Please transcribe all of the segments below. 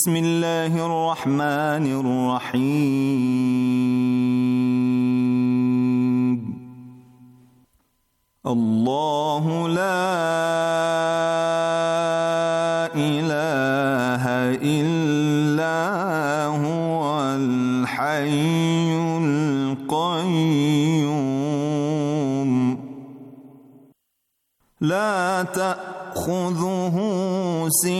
بسم الله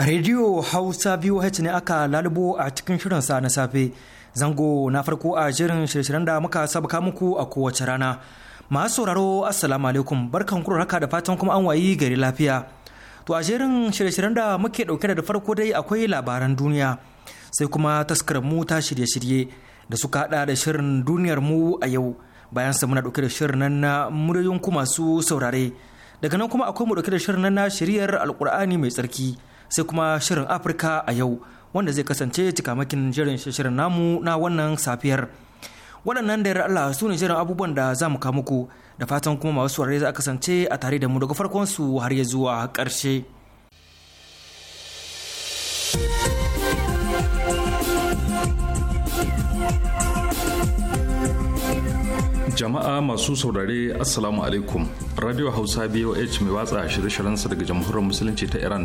Rediyo Hausa biyu VOH ne aka lalubo a cikin shirinsa na safe. Zango na farko a shirin shirye-shiryen da muka sabuka muku a kowace rana. Masu sauraro Assalamu alaikum barkan kuro raka da fatan kuma an wayi gari lafiya. To a jerin shirye-shiryen da muke dauke da farko dai akwai labaran duniya sai kuma taskarar mu ta shirye-shirye da suka hada da shirin duniyar mu a yau bayan sa muna dauke da shirin nan na muryoyin ku masu saurare daga nan kuma akwai mu dauke da shirin nan na shiriyar alkur'ani mai tsarki sai kuma shirin Afirka a yau wanda zai kasance cikamakin jirin shirin namu na wannan safiyar. Waɗannan da Allah su ne shirin abubuwan da za mu muku da fatan kuma masu saurare za a kasance a tare da mu daga farkon su har ya zuwa ƙarshe. jama'a masu saurare assalamu alaikum radio hausa boh mai watsa shirye-shiryensa daga jamhuriyar musulunci ta iran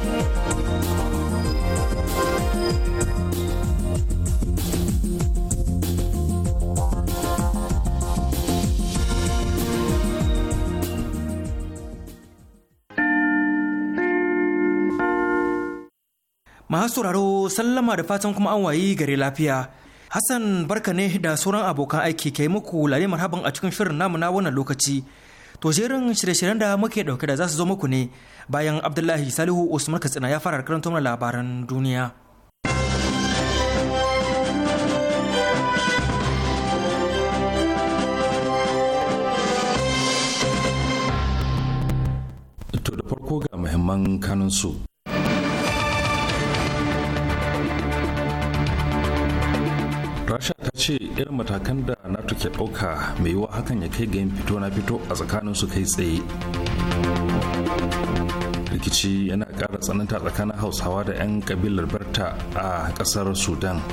Masu sauraro sallama da fatan kuma an wayi gare lafiya. Hassan barka ne da sauran abokan aiki ke muku lare marhaban a cikin shirin namu na wannan lokaci. To jerin shirye-shiryen da muke dauke da za su zo muku ne bayan Abdullahi Salihu Usman Katsina ya fara karanta mana labaran duniya. To da farko ga muhimman kanunsu. rasha ta ce irin matakan da nato ke ɗauka mai yiwuwa hakan ya kai ga yin fito na fito a tsakanin su kai tsaye rikici yana ƙara tsananta tsakanin hausawa da 'yan kabilar berta a ƙasar sudan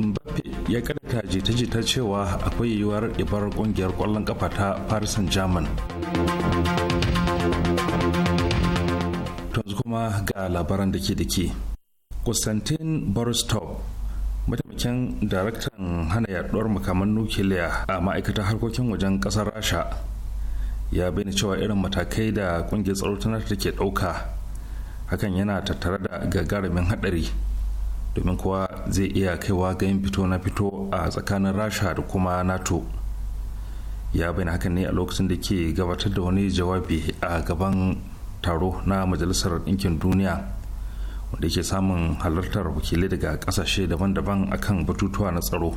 mbappe ya karanta jita-jita cewa akwai yiwuwar ibar ƙungiyar ƙwallon kafa ta paris german kuma ga labaran da ke da ke Konstantin Borostov can daraktan hana yaduwar makaman nukiliya a ma'aikatar harkokin wajen kasar rasha ya bayyana cewa irin matakai da kungiyar tsaro ta nata ke dauka hakan yana tattare da gagarumin hadari domin kuwa zai iya kaiwa ga yin fito na fito a tsakanin rasha da kuma nato ya bayyana hakan ne a lokacin da ke gabatar da wani jawabi a gaban taro na majalisar ɗinkin duniya wanda yake samun halartar wakilai daga kasashe daban-daban akan batutuwa na tsaro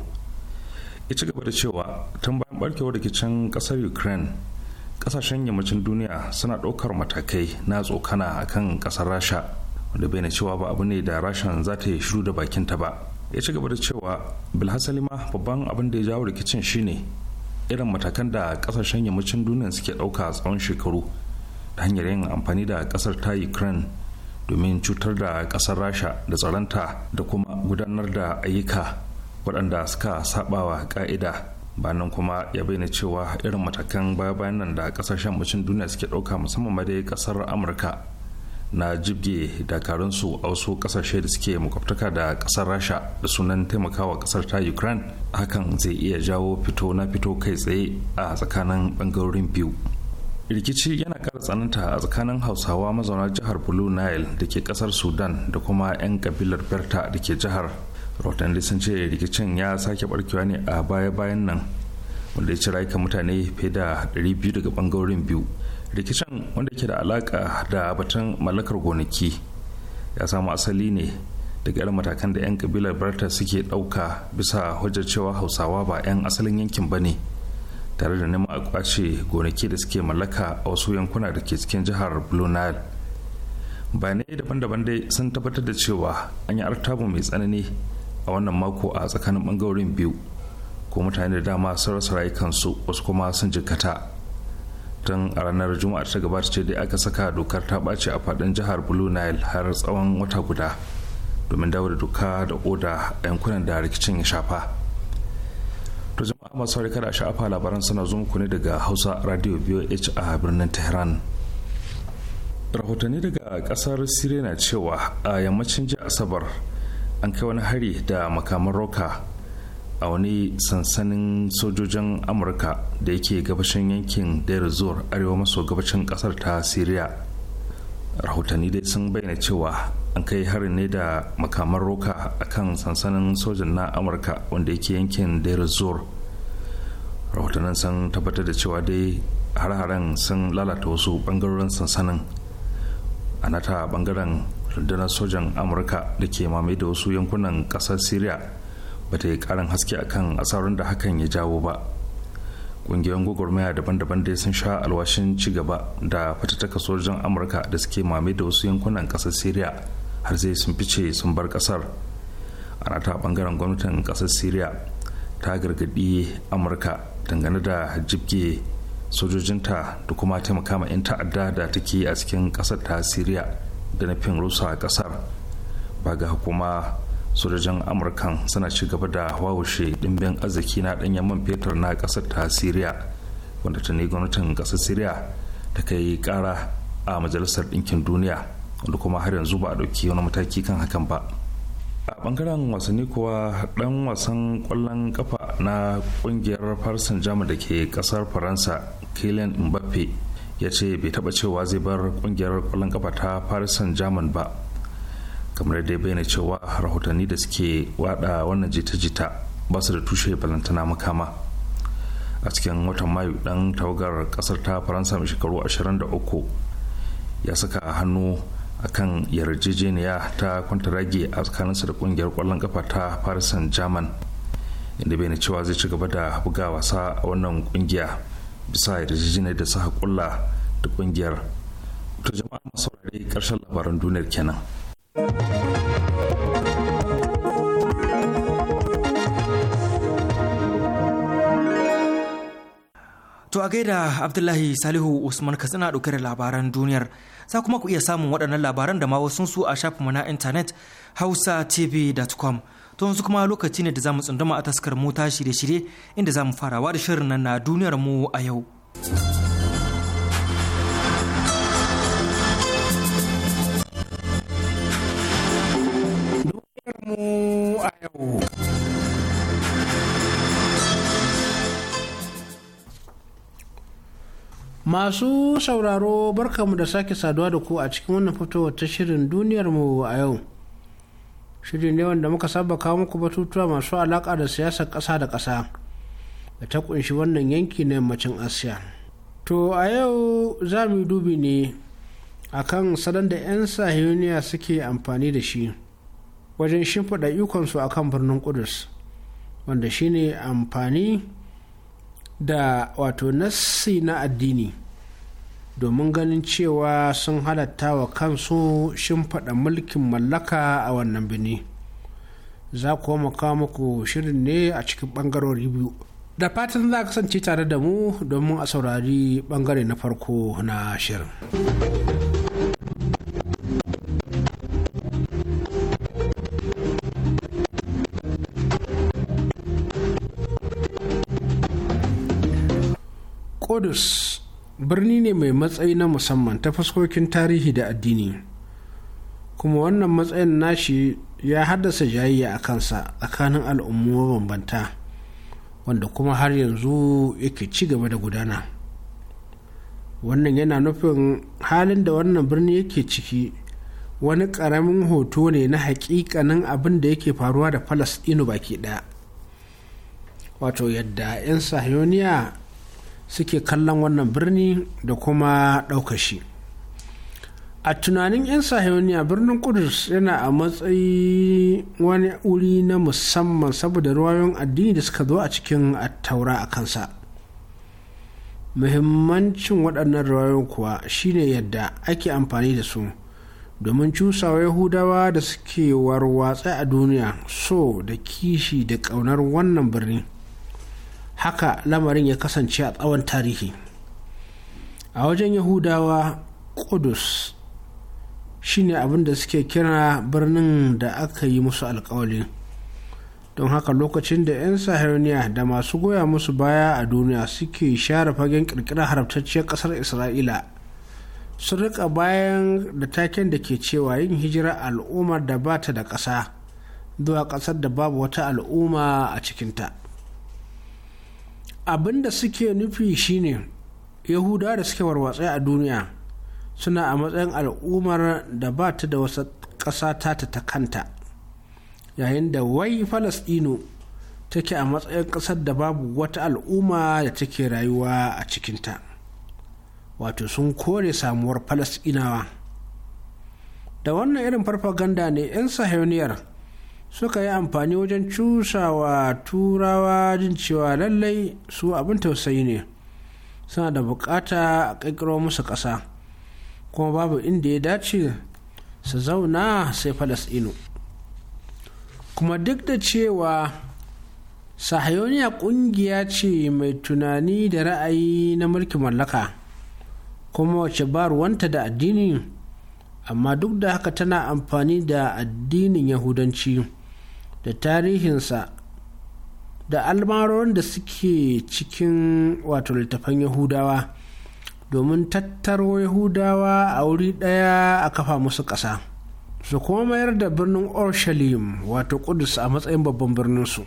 ya ci gaba da cewa tun bayan barkewar rikicin kasar ukraine kasashen yammacin duniya suna ɗaukar matakai na tsokana akan kasar rasha wanda bai na cewa ba abu ne da rashan za ta yi shiru da bakinta ba ya ci gaba da cewa bilhassali ma babban abin da ya jawo rikicin shine irin matakan da kasashen yammacin duniya suke ɗauka tsawon shekaru ta hanyar yin amfani da kasar ta ukraine domin cutar da kasar rasha da tsaronta da kuma gudanar da ayyuka waɗanda suka sabawa ƙa'ida banan kuma ya bayyana cewa irin matakan baya-bayan nan da ƙasashen mucin duniya suke ɗauka musamman ma dai ƙasar amurka na jibge dakarunsu a wasu kasashe da suke makwabtaka da kasar rasha da sunan taimakawa ƙasar ta ukraine hakan zai iya jawo fito na fito kai tsaye a tsakanin bangarorin biyu rikici yana kara tsananta a tsakanin hausawa mazauna jihar blue nile da ke ƙasar sudan da kuma 'yan kabilar berta da ke jihar rotundi sun ce rikicin ya sake barkewa ne a baya-bayan nan wanda ya ci rayuka mutane fiye da 200 daga bangarorin biyu rikicin wanda ke da alaka da batun mallakar gonaki ya samu asali ne daga irin matakan da 'yan kabilar Berta suke ɗauka bisa hujjar cewa hausawa ba 'yan asalin yankin ba ne tare da neman a kwace gonaki da suke mallaka a wasu yankuna da ke cikin jihar blue nile bayanai daban-daban dai sun tabbatar da cewa an yi artabu mai tsanani a wannan mako a tsakanin bangarorin biyu ko mutane da dama sun rasa rayukansu wasu kuma sun jikata tun a ranar juma'a ta gabata ce dai aka saka dokar ta ɓace a faɗin jihar blue nile har tsawon wata guda domin dawo da doka da oda a yankunan da rikicin ya shafa masu sauri kada sha'afa labaran suna zuwa muku daga hausa radio voh a birnin tehran rahotanni daga kasar siriya na cewa a yammacin ji asabar an kai wani hari da makaman roka a wani sansanin sojojin amurka da yake gabashin yankin deir zor arewa maso gabashin kasar ta siriya rahotanni dai sun bayyana cewa an kai harin ne da makaman roka akan sansanin sojan na amurka wanda yake yankin deir zor rahotannin sun tabbatar da cewa dai har-haren sun lalata wasu bangarorin sansanin a nata bangaren rundunar sojan amurka da ke mamaye da wasu yankunan kasar syria ba ta yi karin haske akan asarar da hakan ya jawo ba ƙungiyoyin gwagwarmaya daban-daban dai sun sha alwashin ci gaba da fatattaka sojan amurka da suke mame da wasu yankunan kasar syria har sai sun fice sun bar kasar a nata bangaren gwamnatin kasar syria ta gargadi amurka dangane da jibge sojojinta da kuma taimaka ma 'yan ta'adda da take a cikin kasar ta siriya da nufin rusa a kasar ba ga kuma sojojin amurkan suna ci gaba da wawushe dimbin arziki na danyen man fetur na kasar ta siriya wanda ta ne gwamnatin kasar siriya ta kai kara a majalisar ɗinkin duniya wanda kuma har yanzu ba a ɗauki wani mataki kan hakan ba bangaren wasanni kuwa dan wasan kwallon kafa na kungiyar farsan jama da ke kasar faransa kylian mbappe ya ce bai taba cewa zai bar kungiyar kwallon kafa ta farsan jaman ba kamar dai bayyana cewa rahotanni da suke wada wannan jita-jita ba su da tushe balantana makama a cikin watan mayu dan tawagar kasar ta faransa mai shekaru 23 ya saka a hannu akan yarjejeniya ta kwantarage a tsakaninsa da kungiyar kwallon kafa ta paris saint german inda bai cewa zai ci gaba da buga wasa a wannan kungiya bisa yarjejeniyar da suka kulla da kungiyar to jama'a masu karshen labaran duniyar kenan To a gaida Abdullahi Salihu Usman Katsina ɗauke da labaran duniyar. Za kuma ku iya samun waɗannan labaran da ma wasu su a shafinmu na intanet hausatv.com. To yanzu kuma lokaci ne da za mu tsunduma a taskar mu shirye-shirye inda za mu farawa da shirin nan na duniyar mu a yau. Duniyar mu a yau. Masu sauraro barkamu da sake saduwa da ku a cikin wannan fitowar ta shirin duniyar mu a yau. Shirin ne wanda muka saba kawo muku batutuwa masu alaƙa da siyasar ƙasa da ƙasa da ta kunshi wannan yanki na yammacin Asiya. To a yau za mu dubi ne a kan salon da 'yan sahiyoniya suke amfani da shi wajen shimfiɗa ikonsu a kan birnin Kudus wanda shine amfani da wato nassi na addini domin ganin cewa sun halatta wa kansu shimfaɗa mulkin mallaka a wannan bini za ku maka muku shirin ne a cikin ɓangarori biyu da fatan za kasance tare da mu domin a saurari ɓangare na farko na shirin. Kudus birni ne mai matsayi na musamman ta fuskokin tarihi da addini kuma wannan matsayin nashi ya haddasa jayayya a kansa tsakanin al'ummu mabambanta wanda kuma har yanzu yake ci gaba da gudana wannan yana nufin halin da wannan birni yake ciki wani ƙaramin hoto ne na hakikanin abin da yake faruwa da falasɗinu baki ɗaya wato yadda 'yan sahiyoniya suke kallon wannan birni da kuma ɗauka shi a tunanin 'yan sahiyoniya birnin kudus yana a matsayi wani wuri na musamman saboda ruwayoyin addini da suka zo a cikin attaura a kansa muhimmancin waɗannan ruwayoyin kuwa shine yadda ake amfani da su domin cusawa yahudawa da suke warwatsa a duniya so da kishi da ƙaunar wannan birni. haka lamarin ya kasance a tsawon tarihi a wajen yahudawa kudus shine abin da suke kira birnin da aka yi musu alkawali don haka lokacin da 'yan sahirniya da masu goya musu baya a duniya suke share fagen kirkira haramtacciyar kasar isra'ila sun rika bayan da taken da ke cewa yin hijira al'ummar da ba ta da ƙasa zuwa ƙasar da babu wata al'umma a cikinta abin da suke nufi shine yahuda da suke warwatsai a duniya suna a matsayin al'ummar da ba ta da wasu ƙasa ta ta kanta yayin da wai falasɗinu take a matsayin ƙasar da babu wata al'umma da take rayuwa a cikinta wato sun kore samuwar falasɗinawa da wannan irin farfaganda ne 'yan sahiyoniyar suka yi amfani wajen cusawa turawa jin cewa lallai su abin tausayi ne suna da bukata a ƙirƙiro musu ƙasa kuma babu inda ya dace su zauna sai falasɗinu kuma duk da cewa sahayoniya ƙungiya ce mai tunani da ra'ayi na mulkin mallaka kuma wace ba ruwanta da addini amma duk da haka tana amfani da addinin yahudanci da tarihinsa da almarorin da suke cikin wato littafan yahudawa domin tattaro yahudawa a wuri ɗaya a kafa musu ƙasa su kuma mayar da birnin orshalim wato kudus a matsayin babban birninsu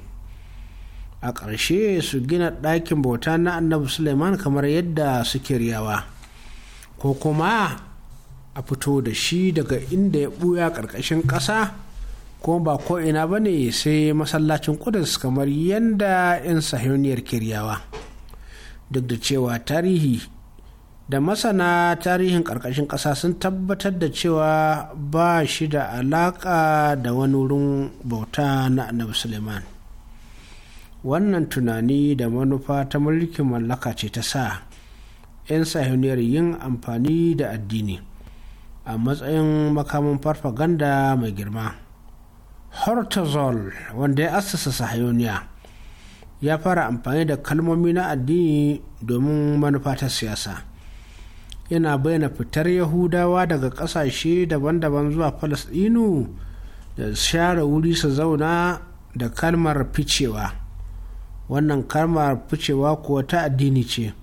a ƙarshe su gina ɗakin bauta na annabi suleiman kamar yadda suke riyawa ko kuma a fito da shi daga inda ya ɓuya ƙarƙashin ƙasa kuma ba ko ina ba ne sai masallacin kudus kamar yadda 'yan sahiyoniyar kiryawa duk da cewa tarihi da masana tarihin ƙarƙashin ƙasa sun tabbatar da cewa ba shi da alaƙa da wani wurin bauta na annabi suleiman wannan tunani da manufa ta mulkin mallaka ce ta sa 'yan sahiyoniyar yin amfani da addini a matsayin makamin farfaganda mai girma hortozol wanda ya assasa sahayoniya ya fara amfani da kalmomi na addini domin manufa ta siyasa yana bayyana fitar yahudawa daga ƙasashe daban-daban zuwa falasɗinu da share wuri su zauna da kalmar ficewa wannan kalmar ficewa kuwa ta addini ce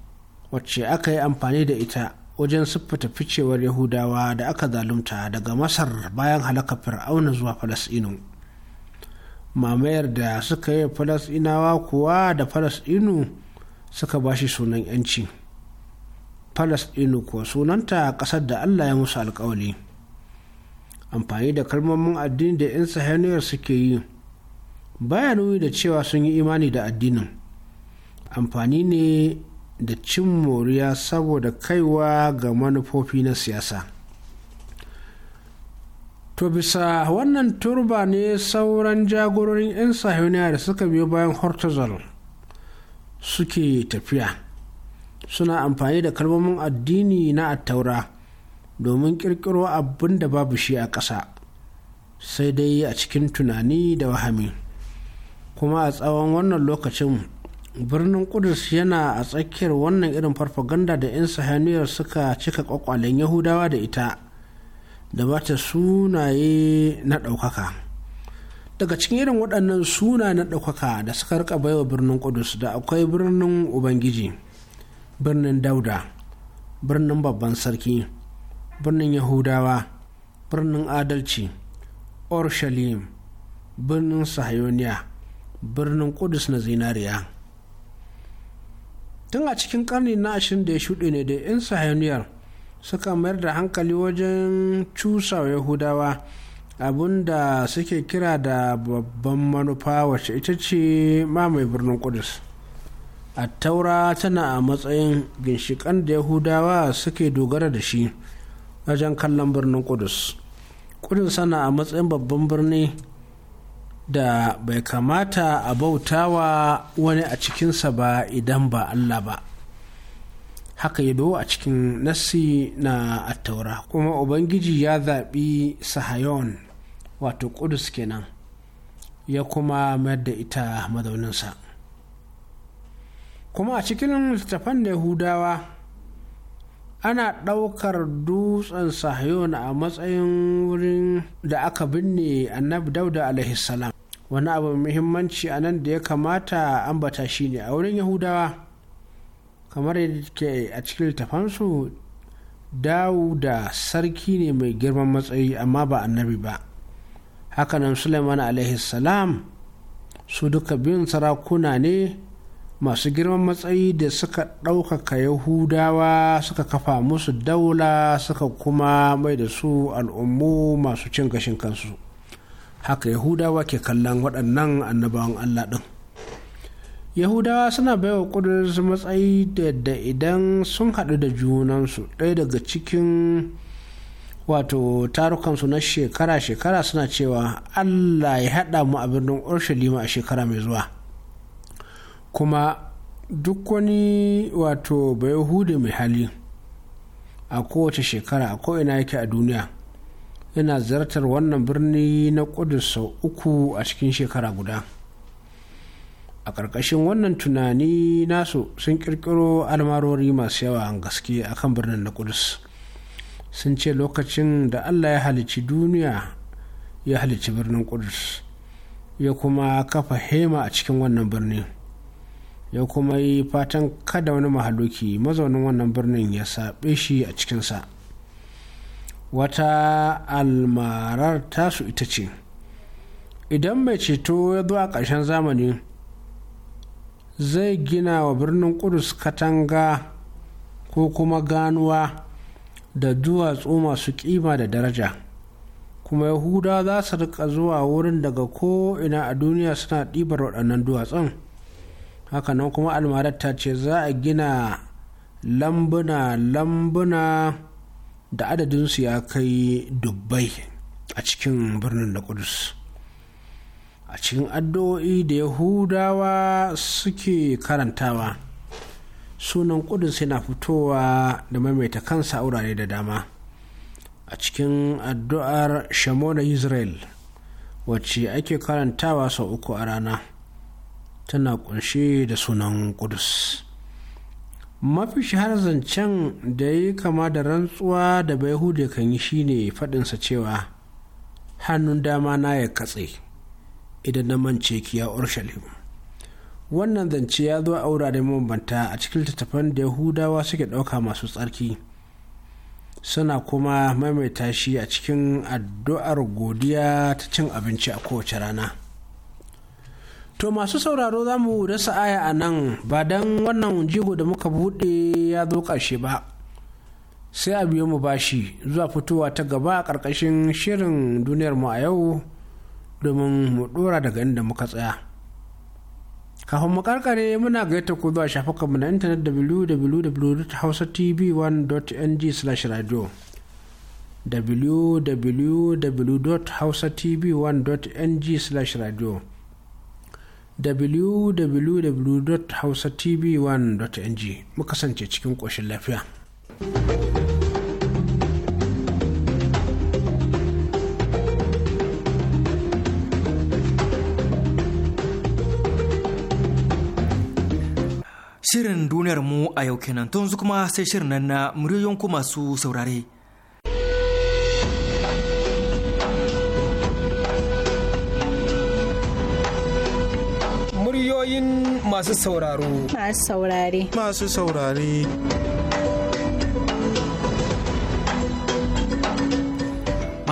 wacce aka yi amfani da ita wajen siffata ficewar yahudawa da aka zalunta daga masar bayan halaka fir'auna zuwa falasɗinu mamayar da suka yi falasɗinawa kuwa da falasɗinu suka ba shi sunan yanci falasɗinu kuwa sunanta ƙasar da allah ya musu alkawali amfani da kalmomin addini da 'yan sahaniyar suke yi baya nuni da cewa sun yi imani da addinin amfani ne da cin moriya saboda kaiwa ga manufofi na siyasa to bisa wannan turba ne sauran jagororin 'yan sahiyoniya da suka biyo bayan hortazal suke tafiya suna amfani da kalmomin addini na attaura domin ƙirƙiro abin da babu shi a ƙasa sai dai a cikin tunani da wahami kuma a tsawon wannan lokacin birnin kudus yana a tsakiyar wannan irin farfaganda da 'yan sahaniyar suka cika kwakwalen yahudawa da ita da bata sunaye na ɗaukaka daga cikin irin waɗannan suna na ɗaukaka da suka rika baiwa birnin kudus da akwai birnin ubangiji birnin dauda birnin babban sarki birnin yahudawa birnin adalci orshalim birnin sahayoniya birnin kudus na zinariya tun a cikin karni na ashirin da ya shuɗe ne da 'yan sahayoniyar suka mayar da hankali wajen cusa yahudawa da suke kira da babban manufa wacce ita ce mamaye birnin kudus attaura tana a matsayin ginshikan da yahudawa suke dogara da shi wajen kallon birnin kudus kudus sana a matsayin babban birni da bai kamata a bautawa wani a cikinsa ba idan ba allah ba haka ya a cikin nassi na attaura kuma ubangiji ya zaɓi sahayon wato ƙudus kenan ya kuma mayar da ita mazauninsa kuma a cikin littattafan yahudawa ana ɗaukar dutsen sahayon a matsayin wurin da aka binne annabi dauda alaihissalam wani abu muhimmanci a nan da ya kamata ambata ne a wurin yahudawa kamar yadda ke a cikin littafansu da sarki ne mai girman matsayi amma ba annabi ba hakanan suleiman alaihi salam su duka biyun sarakuna ne masu girman matsayi da suka ɗaukaka yahudawa suka kafa musu daula suka kuma mai da su al'ummu masu cin gashin kansu haka yahudawa ke kallon waɗannan annabawan allah ɗin yahudawa suna baiwa ƙudurin matsayi da idan sun haɗu da junansu ɗaya daga cikin wato tarukansu na shekara-shekara suna cewa allah ya haɗa mu a birnin urshalima a shekara mai zuwa kuma duk wani wato hude mai hali a kowace shekara a ko'ina yake a duniya yana zartar wannan birni na kudus sau uku a cikin shekara guda a ƙarƙashin wannan tunani nasu sun ƙirƙiro almarori masu yawa a gaske a kan birnin na kudus sun ce lokacin da allah ya halici duniya ya halici birnin kudus ya kuma kafa hema a cikin wannan birnin ya kuma yi fatan kada wani mahaluki mazaunin wannan birnin ya saɓe shi a cikinsa wata almarar tasu ita ce idan mai ceto ya zo a ƙarshen zamani zai gina wa birnin kudus katanga ko kuma ganuwa da duwatsu masu kima da daraja kuma yahuda za su rika zuwa wurin daga ko'ina a duniya suna ɗibar waɗannan duwatsun hakanan kuma almarar ta ce za a gina lambuna lambuna da adadinsu ya kai dubbai a cikin birnin da kudus a cikin addu'o'i da yahudawa suke karantawa sunan ƙudus yana fitowa da maimaita kansa wurare da dama a cikin addu'ar shamona israel wacce ake karantawa sau uku a rana tana kunshe da sunan ƙudus mafi shahar zancen da ya yi kama da rantsuwa da bai kan yi shine faɗinsa cewa hannun dama na ya katse idan na mance kiya urshalim wannan zance ya zo a wuraren mabambanta a cikin littattafan da yahudawa suke ɗauka masu tsarki suna kuma maimaita shi a cikin addu'ar godiya ta cin abinci a kowace rana to masu sauraro za mu dasa aya a nan ba don wannan jigo da muka buɗe ya zo ƙarshe ba sai a biyo mu bashi zuwa fitowa ta gaba a ƙarƙashin shirin duniyarmu a yau domin mu dora daga inda muka tsaya kafin mu karkare muna gaita ku zuwa shafukanmu na intanet www.hausatv1.ng/radio www.hausatv1.ng/radio www.hausatv1.ng mu kasance cikin ƙoshin lafiya. thank you Shirin duniyar mu a yau kenan tun kuma sai shirin nan na muryoyin ku masu saurare. Muryoyin masu sauraro. Masu saurare. Masu saurare.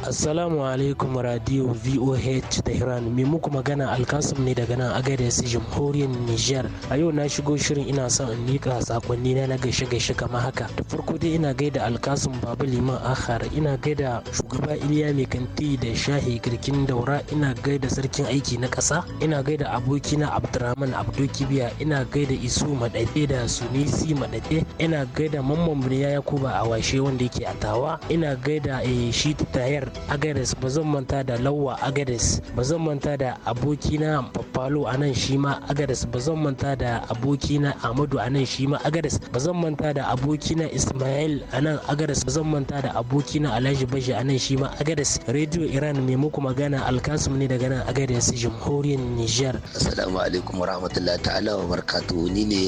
Assalamu alaikum radiyo VOH Tehran mai muku magana Alkasim ne daga nan Agadez jamhuriyar Nijar. A yau na shigo shirin ina son in mika sakonni na gaishe gaishe kamar haka. Da farko dai ina gaida Alkasim babu Liman Akhar, ina gaida shugaba Iliya Mai Kanti da Shahi Girkin Daura, ina gaida sarkin aiki na ƙasa, ina gaida abokina Abdurrahman Abdul Kibiya, ina gaida Isu Madaɗe da Sunisi Madaɗe, ina gaida Mamman Buniya Yakuba a washe wanda yake a Tawa, ina gaida eh, shi Tayar agares ba zan manta da lawa agares ba zan manta da abokina papalo a nan shi ma agares ba zan manta da abokina amadu a nan shi ma agares ba zan manta da abokina ismail a nan agares ba zan manta da abokina alhaji bashi a nan shi ma agares radio iran mai muku magana alkasum ne daga nan agares jamhuriyar niger assalamu alaikum rahmatulah ta'ala wa barakatuhu ni ne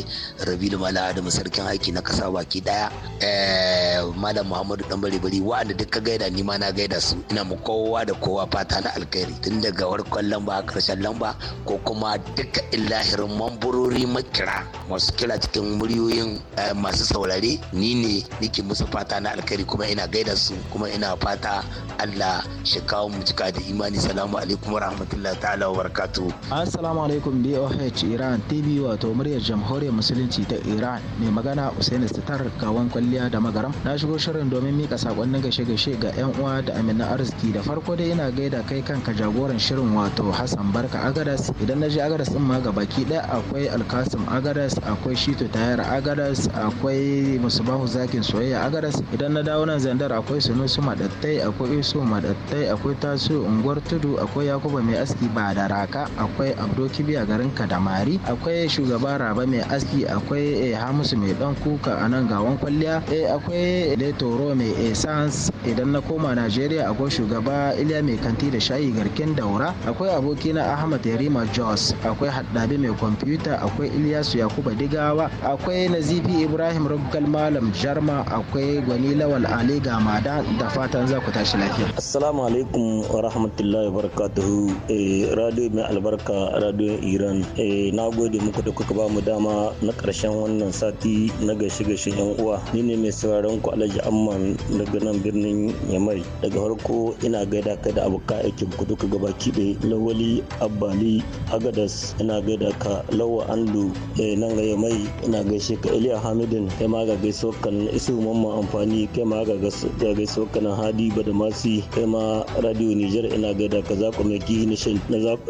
rabilu malam adamu sarkin aiki na kasa baki daya eh, malam muhammadu dan bari bari wa'anda duk ka gaida ni ma na gaida su su ina mu kowa da kowa fata na alkhairi tun daga warkon lamba karshen lamba ko kuma duka illahirin mamburori makira masu kira cikin muryoyin eh, masu saurare ni ne nake musu fata na alkhairi kuma ina gaida su kuma ina fata Allah shi kawo mu cika da imani salamu alaikum rahmatullahi ta'ala wa barakatuh assalamu alaikum BOH Iran TV wato muryar jamhuriyar musulunci ta Iran mai magana Usaini Sitar gawan kwalliya da magaram na shigo shirin domin mika sakonnin gashe-gashe ga yan uwa da amina na arziki da farko dai ina gaida kai kanka jagoran shirin wato hassan barka Agaras idan na je agaras din ma gabaki daya akwai alkasim Agaras, akwai shito tayar agadas akwai musubahu zakin soyayya Agaras. idan na dawo nan zandar akwai sunusu madattai akwai isu madattai akwai tasu unguwar tudu akwai yakuba mai aski ba da raka akwai abdo kibiya garin kadamari akwai shugaba raba mai aski akwai eh, hamisu mai dan kuka a nan gawan kwalliya eh, akwai letoro mai essence idan na koma najeriya akwai shugaba iliya mai kanti da shayi garken daura akwai abokina ahmad yarima jos akwai haddabi mai kwamfuta akwai iliyasu yakuba digawa akwai nazifi ibrahim ruggal malam jarma akwai gwani lawal ali gamada da fatan za ku tashi lafiya assalamu alaikum wa rahmatullahi wa barakatuhu eh, radio mai albarka radio iran eh, na gode muku da kuka ba mu dama na karshen wannan sati na gaishe gashi yan uwa ni ne mai sauraron ku alhaji amman daga nan birnin yamai daga farko farko ina gaida ka da abokan aikin ku duka gabaki ɗaya lawali abbali agadas ina gaida ka lawa andu eh, nan ga mai ina gaishe ka Eliya hamidin kai ma ga gaiso kan isu mamma amfani kai ma ga gaiso kan hadi badamasi kai ma radio niger ina gaida ka za ku mai nishin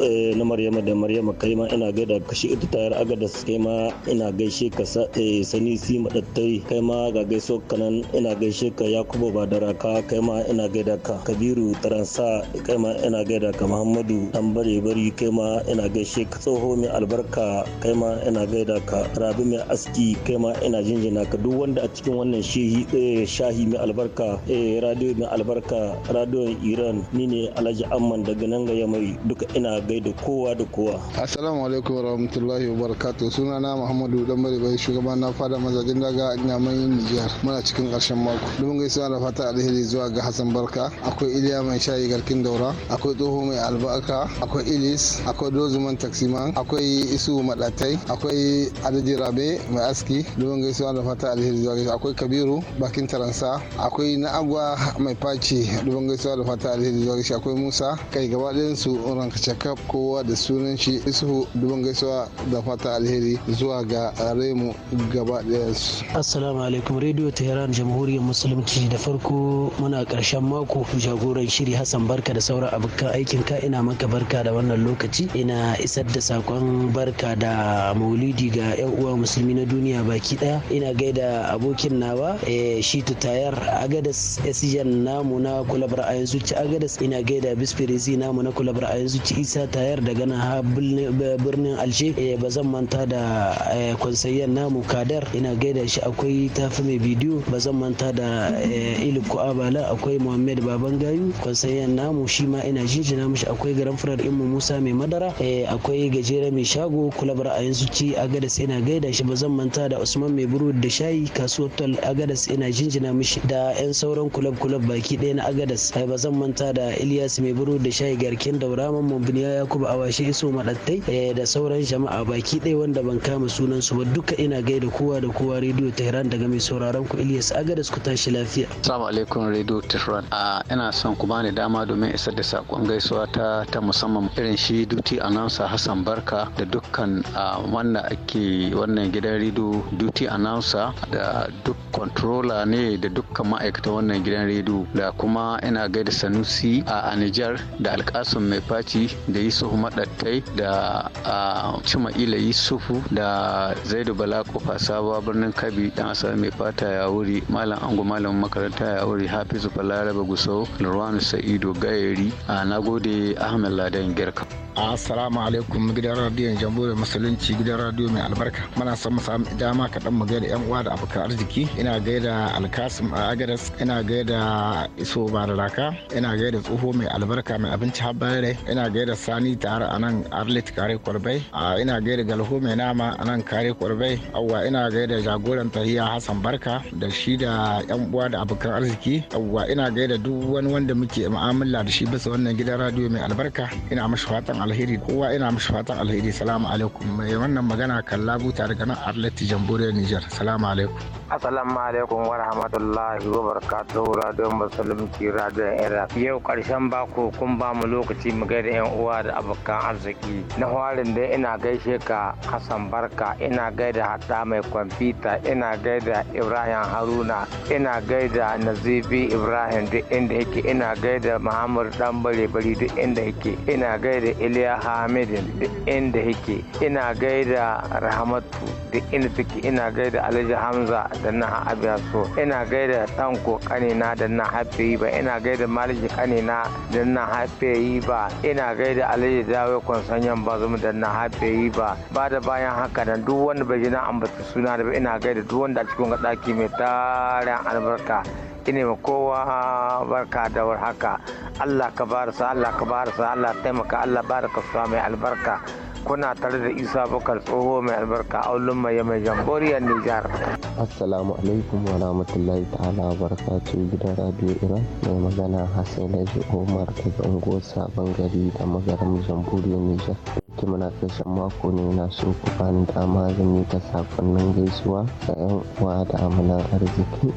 eh, na maryama da maryama kai ma ina gaida ka shi ita tayar agadas kai ma ina gaishe ka eh, sani si madattai kai ma ga gaiso kanan ina gaishe ka yakubu badaraka kai ma ina gaida ka kabiru taransa kai ma ina gaida ka muhammadu dan bare bari kai ma ina gaishe ka tsoho mai albarka kai ma ina gaida ka rabi mai aski kai ma ina jinjina ka duk wanda a cikin wannan shehi eh, shahi mai albarka eh, radio mai albarka radio iran ni ne alhaji amman daga nan ga yamai duka ina gaida kowa da kowa assalamu alaikum warahmatullahi wabarakatuh suna na muhammadu dan bare bari shugaban na fada mazajin daga nyamai nijar muna cikin karshen mako domin gaisuwa da fata alheri zuwa ga hassan barka akwai iliya mai shayi garkin daura akwai tsoho mai albarka akwai ilis akwai dozuman taksiman akwai isu madatai akwai adaji rabe mai aski domin gaisuwa da fata alheri zuwa gaisuwa akwai kabiru bakin taransa akwai na'agwa mai faci domin gaisuwa da fata alheri zuwa gaisuwa akwai musa kai gaba ɗayan su ranka cakaf kowa da sunan shi isu domin gaisuwa da fata alheri zuwa ga remu gaba ɗayan su assalamu alaikum radio tehran jamhuriyar musulunci da farko muna ƙarshen mako naku jagoran shiri Hassan Barka da sauran abokan aikin ka ina maka barka da wannan lokaci ina isar da sakon barka da maulidi ga yan uwa musulmi na duniya baki daya ina gaida abokin nawa eh, shi tayar agadas sjn namu na kulabar ayan zuci agadas ina gaida bisperezi namu na kulabar ayan zuci isa tayar daga na birnin alshe eh, ba zan manta da eh, kwansayyan namu kadar ina gaida shi akwai tafi mai bidiyo bazan manta da ilik abala akwai muhammed baba baban gayu kwansayen namu shi ma ina jinjina mishi akwai garan furar imu musa mai madara eh, akwai gajere mai shago kulabar a yanzu ci agadas ina gaida shi ba zan manta da usman mai buru da shayi kasuwar tal agadas ina jinjina mishi da yan sauran kulab kulab baki ɗaya na agadas ba zan manta da ilyas mai buru da shayi garken daura mamman biniya yakubu awashe iso madattai eh, da sauran jama'a baki ɗaya wanda ban kama sunan su ba duka ina gaida kowa da kowa rediyo tehran daga mai sauraron ku ilyas agadas ku tashi lafiya assalamu alaikum rediyo tehran ah, ina son ku bani dama domin isar da sakon gaisuwa ta ta musamman irin shi duty announcer Hassan Barka da dukkan wanda ake wannan gidan rido duty announcer da duk controller ne da dukkan ma'aikata wannan gidan rido da kuma ina gaida Sanusi a Anijar da Alkasun Mai Faci da Yusuf Madattai da ila Yusufu da Zaidu Bala Kofa Sabuwa birnin Kabi dan Asabe Mai Fata ya wuri Malam Angu Malam Makaranta ya wuri Hafizu Balaraba Gusau Yaro, Nurwani Sa'idu Gayeri, a nagode Ahmed Ladan Girka. Assalamu alaikum gidan radiyon jamhuriyar musulunci gidan radiyo mai albarka muna son mu samu dama kaɗan mu gaida yan uwa da abokan arziki ina gaida alkasim a agadas ina gaida iso bararaka ina gaida tsoho mai albarka mai abinci har rai ina gaida sani tare a nan arlit kare kwarbai ina gaida galho mai nama a nan kare kwarbai awwa ina gaida jagoran tahiya hassan barka da shi da yan uwa da abokan arziki awwa ina gaida duk wani wanda muke mu'amala da shi bisa wannan gidan radio mai albarka ina mashi fatan alheri kowa ina mashi fatan alheri salamu alaikum mai wannan magana kan labuta daga nan arleti jamhuriyar niger salamu alaikum assalamu alaikum wa rahmatullahi wa barakatuhu radio musulunci radio era yau karshen bako kun ba mu lokaci mu gaida yan uwa da abokan arziki na harin da ina gaishe ka hassan barka ina gaida hada mai kwamfuta ina gaida ibrahim haruna ina gaida nazibi ibrahim duk inda yake ina gaida muhammad dan bare bari duk inda yake ina gaida iliya hamidin duk inda yake ina gaida rahmatu duk inda take ina gaida alhaji hamza da na abiyaso ina gaida tanko kanina da na haife yi ba ina gaida maliki kanina da na haife yi ba ina gaida alhaji dawo konsanyan bazum da na haife yi ba ba da bayan haka nan duk wanda bai ji na ambata suna da ina gaida duk wanda a cikin ɗaki mai tarin albarka ina ma kowa barka da haka Allah ka barasa Allah ka barasa Allah taimaka Allah baraka su mai albarka kuna tare da Isa bakar tsoho mai albarka a aulun mai mai a Nijar Assalamu alaikum wa rahmatullahi ta'ala wa barakatuh gidan radio Iran mai magana Hassan omar omar ta zango Sabon Gari da magaram jamhuriyar Nijar ki muna karshen mako ne na so ku bani dama zan yi ta sakonnin gaisuwa ga 'yan uwa da amana arziki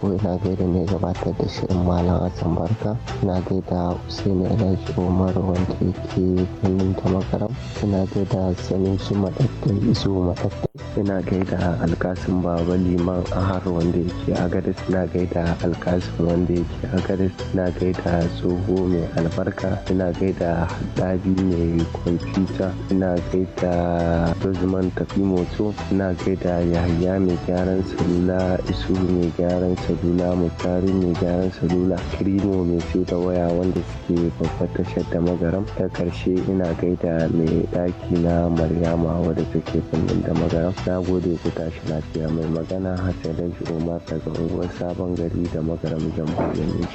ko ina gaida ne gabatar da shirin malam asan barka ina gaida usaini alhaji umar wanda yake filin ta makaram ina gaida su madattai isu madattai ina gaida alkasin baba liman ahar wanda yake agadis ina gaida alkasin wanda yake agadis ina gaida tsoho mai albarka ina gaida haddabi mai kwamfuta ina gaida rozman tafi moto ina gaida yahaya mai gyaran salula isu mai gyaran salula Kaduna Mutari mai gyaran salula Kirimo mai sai waya wanda suke babbar tashar da magaram ta karshe ina gaida mai daki na Maryama wadda take birnin da magaram na gode ku tashi lafiya mai magana Hassan Umar ga unguwar Sabon Gari da magaram jamhuriyar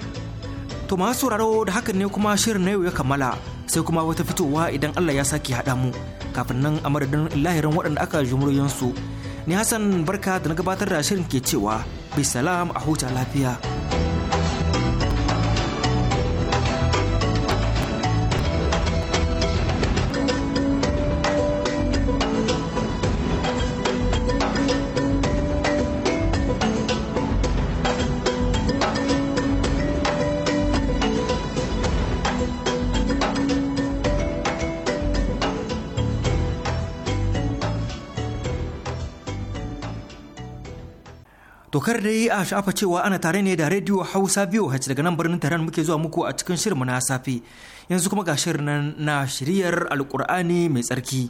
To masu sauraro da hakan ne kuma shirin na yau ya kammala sai kuma wata fitowa idan Allah ya sake haɗa mu kafin nan a madadin lahirin waɗanda aka jumuriyansu ni hassan barka da na gabatar da shirin ke cewa bisalam a huta lafiya kar yi a shafa cewa ana tare ne da rediyo hausa biyu hace daga nan birnin taron muke zuwa muku a cikin shirin na safe yanzu kuma ga shirin na shiriyar alkur'ani mai tsarki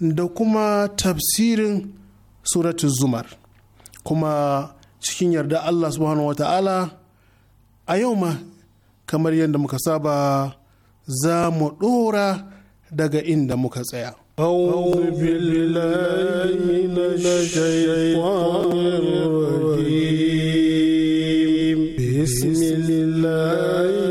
da kuma tafsirin suratul zumar kuma cikin yarda Allah subhanahu wata'ala a yau ma kamar yadda muka saba za mu ɗora daga inda muka tsaya. أعوذ بسم الله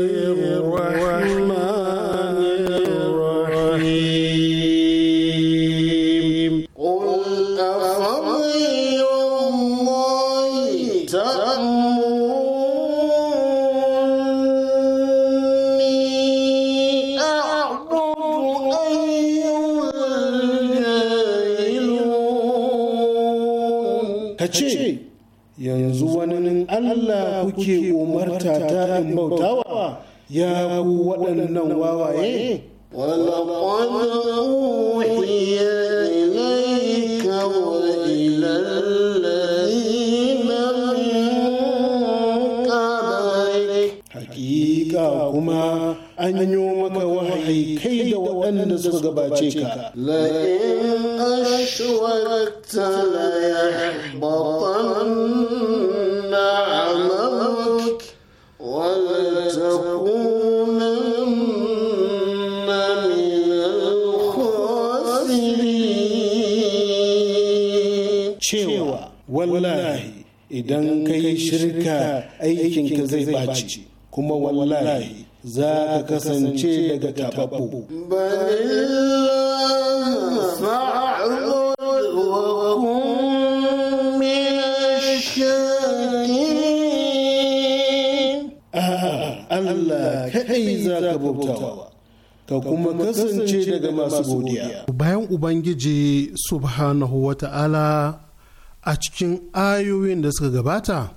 daɗin bautawa ya ku waɗannan wawaye ولقد أوحي إليك وإلى الذين من قبلك حقيقة كما أن يومك وحي كيد وأن باتيك لئن idan ka yi shirka aikinka zai bace, kuma wallahi za ka kasance daga tababbo. ka ka kuma kasance daga masu godiya. Bayan Ubangiji Subhanahu wa ta'ala a cikin ayoyin da suka gabata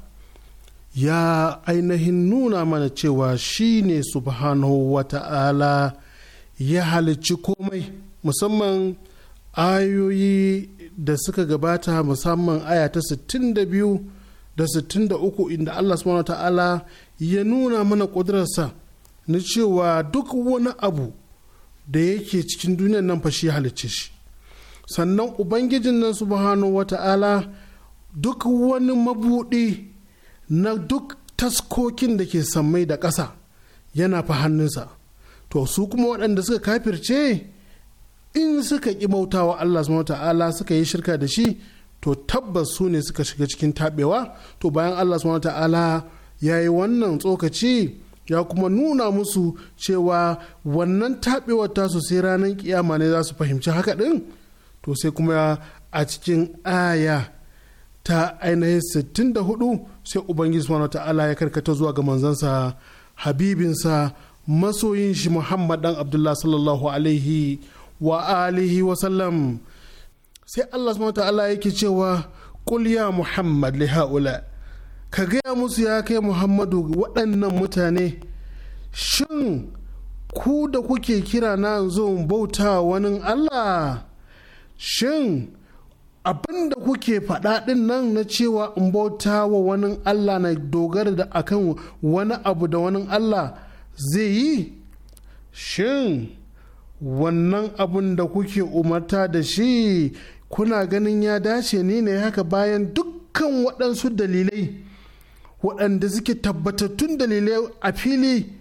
ya ainihin nuna mana cewa shi ne subhanahu wa ta'ala ya halicci komai musamman ayoyi da suka gabata musamman aya ta 62 da 63 inda Allah subhanahu wa ta'ala ya nuna mana ƙudurarsa na cewa duk wani abu da yake cikin duniyar nan fa shi halicce shi sannan ubangijin nan subhanahu wata'ala duk wani mabuɗi na duk taskokin da ke sammai da ƙasa yana fa hannunsa to su kuma waɗanda suka kafirce in suka ƙi bautawa Allah subhanahu wata'ala suka yi shirka da shi to tabbas su ne suka shiga cikin taɓewa to bayan Allah subhanahu wata'ala ya yi wannan tsokaci ya kuma nuna musu cewa wannan taɓewar tasu sai ranar kiyama ne za su fahimci haka ɗin to sai kuma a cikin aya ta ainihin 64 sai ubangiji subhanahu ta'ala ya karkata zuwa ga manzansa habibinsa masoyin shi muhammad dan abdullah sallallahu alaihi wa alihi wa sallam sai allah subhanahu ta'ala yake cewa kulya muhammad li haula ka gaya musu ya kai muhammadu waɗannan mutane shin ku da kuke kira na zo bauta wani allah shin abin da kuke faɗa ɗin nan na cewa in bauta wa wani Allah na dogara da akan wani abu da wani Allah zai yi shin wannan abin da kuke umarta da shi kuna ganin ya dace ni ne haka bayan dukkan waɗansu dalilai waɗanda suke tabbatattun dalilai a fili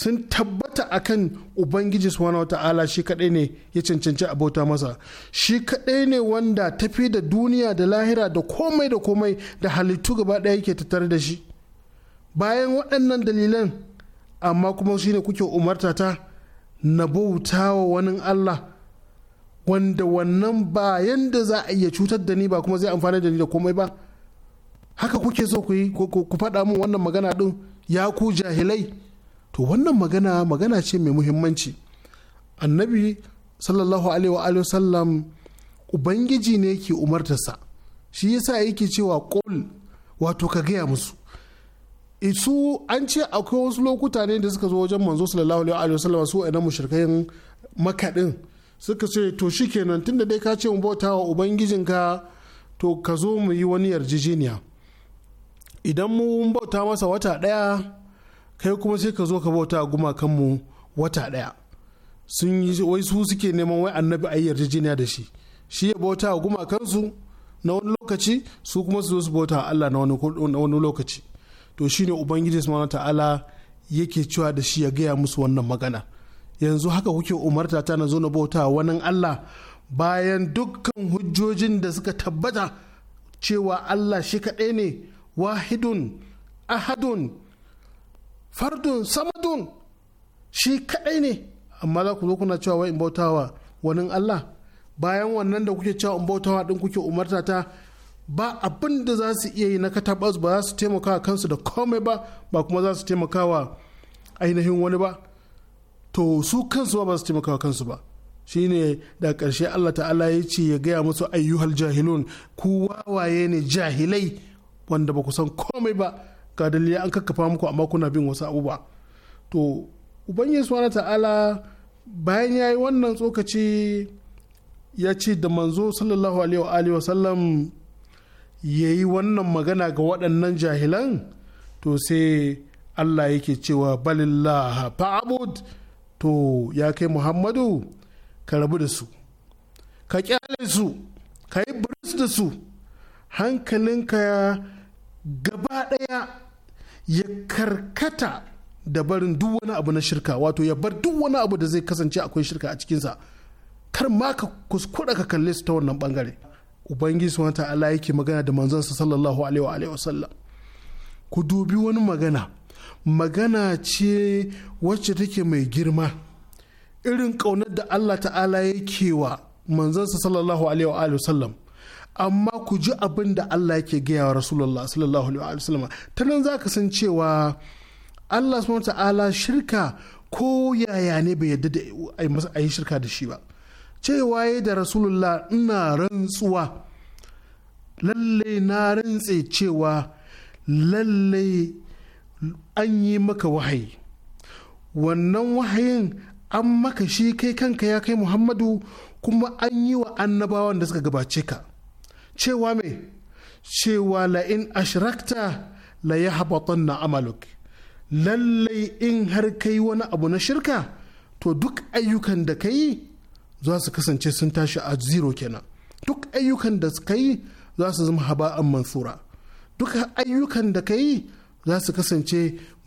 sun tabbata a akan ubangiji subhanahu wata'ala shi kadai ne ya cancanci abota masa shi kadai ne wanda tafi da duniya da lahira da komai da komai da halittu gaba ɗaya yake tattare da shi bayan waɗannan dalilan amma kuma shi ne kuke umarta ta na bauta wa wani Allah wanda wannan ba yanda za a iya cutar da ni ba kuma zai amfani da ni da komai ba haka kuke so ku yi ku faɗa min wannan magana ɗin ya ku jahilai to wannan magana magana ce mai muhimmanci annabi sallallahu alaihi wa ubangiji ne ke umartarsa shi yasa yake cewa qul wato ka gaya musu isu eh, an ce akwai wasu lokuta ne da suka zo wajen manzo sallallahu alaihi wa sallam su ayyana mushrikan makadin suka ce to shikenan tunda dai ka ce mu bauta wa ubangijinka to ka zo mu yi wani yarjejeniya idan mu bauta masa wata daya kai kuma sai ka zo ka bauta gumakan mu wata ɗaya sun yi wai su suke neman wai annabi ayi yarjejeniya da shi shi ya bauta wa gumakansu na wani lokaci su kuma su zo su bauta Allah na wani lokaci to shine ubangiji subhanahu ta'ala yake cewa da shi ya gaya musu wannan magana yanzu haka kuke umarta ta na zo na bauta wannan Allah bayan dukkan hujjojin da suka tabbata cewa Allah shi kaɗai ne wahidun ahadun fardun samadun shi kaɗai ne amma za ku zo kuna cewa wai in bautawa wani Allah bayan wannan da kuke cewa in bautawa din kuke umarta ta ba abin da za su iya yi na katabas ba za su taimaka wa kansu da komai ba ba kuma za su taimaka wa ainihin wani ba to su kansu ba su taimaka wa kansu ba shine da karshe Allah ta'ala ya ce ya gaya musu ayyuhal jahilun ku wawaye ne jahilai wanda ba ku san komai ba ga dalilai an kakkafa muku amma kuna bin wasu abubuwa to ubangiji wani ta'ala bayan ya yi wannan tsokaci ya ce da manzo sallallahu alaihi wa sallam ya yi wannan magana ga waɗannan jahilan to sai Allah yake cewa balillah fa'abud to ya kai Muhammadu ka rabu da su ka kyale su ka yi da su hankalinka gaba ɗaya ya karkata da barin duk wani abu na shirka wato ya bar duk wani abu da zai kasance akwai shirka a cikinsa kar ma ka kuskura ka kalle su ta wannan bangare ubangiji wata ta'ala yake magana da sa sallallahu alaihi wa alihi ku dubi wani magana magana ce wacce take mai girma irin kaunar da Allah ta'ala yake wa sa sallallahu alaihi wa alihi amma ku ji abin da Allah yake gaya wa Rasulullah sallallahu alaihi wasallam ta nan za ka san cewa Allah subhanahu ta'ala shirka ko yaya ne bai yadda da a yi shirka da shi ba cewa ya da Rasulullah ina rantsuwa lalle na rantse cewa lalle an yi maka wahayi wannan wahayin an maka shi kai kanka ya kai Muhammadu kuma an yi wa annabawan da suka gabace ka cewa me cewa la'in ashrakta la ya na amaluk lallai in har kai wani abu na shirka to duk ayyukan da ka yi za su kasance sun tashi a zero kenan duk ayyukan da ka yi za su zama haba'an mansura duk ayyukan da ka yi za su kasance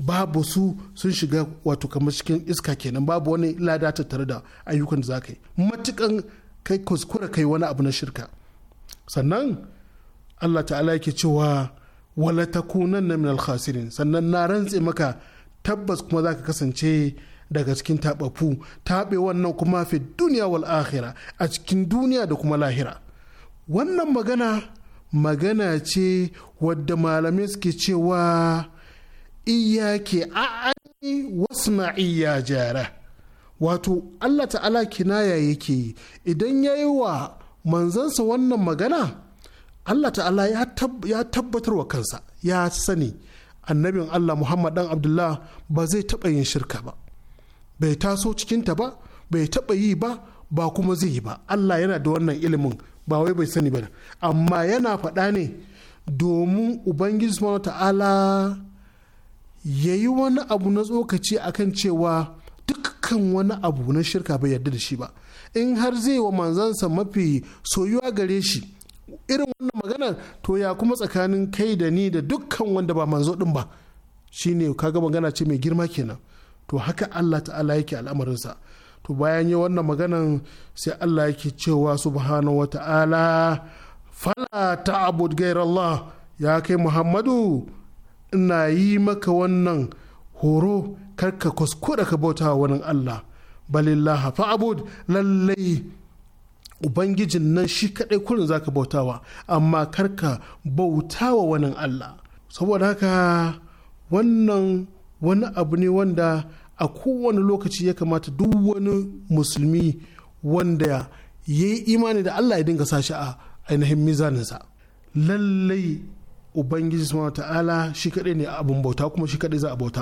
babu su sun shiga wato kamar cikin iska kenan babu wani lada tattare da ayyukan da za ka yi matukan kai kuskura kai wani abu na shirka sannan Allah ta'ala yake cewa wala na min alkhasirin khasirin sannan na rantse maka tabbas kuma za ka kasance daga cikin tabafu tabe wannan kuma fi duniya wal akhira a cikin duniya da kuma lahira wannan magana magana ce wadda malamai suke cewa iyake a'ani wasma'i ya jara wato Allah ta'ala kinaya yake idan yayi wa manzansa wannan magana Allah ta'ala ya tabbatar wa kansa ya sani annabin Allah Muhammad dan Abdullah ba zai taɓa yin shirka ba bai taso cikinta ba bai taɓa yi ba ba kuma zai yi ba Allah yana da wannan ilimin ba wai bai sani ba amma yana faɗa ne domin ubangiji subhanahu ta'ala ya yi wani abu na tsokaci akan cewa dukkan wani abu na shirka bai yarda da shi ba in har zai wa manzansa mafi soyuwa gare shi irin wannan maganar to ya kuma tsakanin kai da ni da dukkan wanda ba manzo din ba shine kaga magana ce mai girma kenan to haka Allah ta'ala yake al'amarinsa to bayan yi wannan maganan sai Allah yake cewa subhanahu wa ta'ala fala ta'bud gairallah ya kai Muhammadu ina yi maka wannan horo karka kuskura ka bauta wa wani Allah fa abud lallai ubangijin nan shi kadai kurin zaka bautawa amma karka bautawa wani Allah saboda haka wannan wani abu ne wanda a kowane lokaci ya kamata duk wani musulmi wanda ya yi imani da Allah ya dinga sashi a ainihin mizaninsa lallai ubangiji subhanahu ta'ala shi kadai ne abin bauta kuma shi kadai za a bauta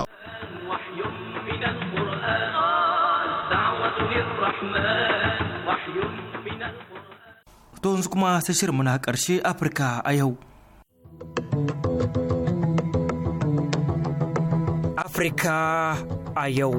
To yanzu kuma sai shirinmu na ƙarshe Afirka a yau. Afirka a yau.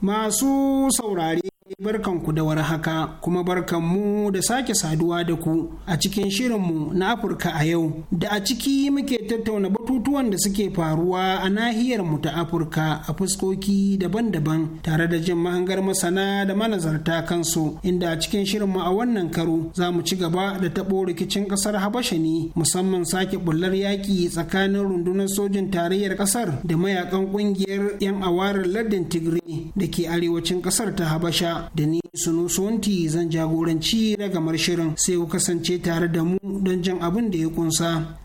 Masu saurari. barkanku da haka, kuma barkanmu da sake saduwa da ku a cikin shirinmu na Afirka a yau da a ciki muke tattauna batutuwan da suke faruwa a nahiyar mu ta Afirka a fuskoki daban-daban tare da jin mahangar masana da manazarta kansu inda a cikin shirinmu a wannan karo za mu ci gaba da taɓo rikicin ƙasar Habasha ne musamman sake bullar yaƙi tsakanin rundunar sojin tarayyar ƙasar da mayakan kungiyar 'yan awarar lardin Tigray da ke arewacin ƙasar ta Habasha da ni Sunu Suwanti zan jagoranci ragamar shirin sai ku kasance tare da mu don jan abin da ya kunsa.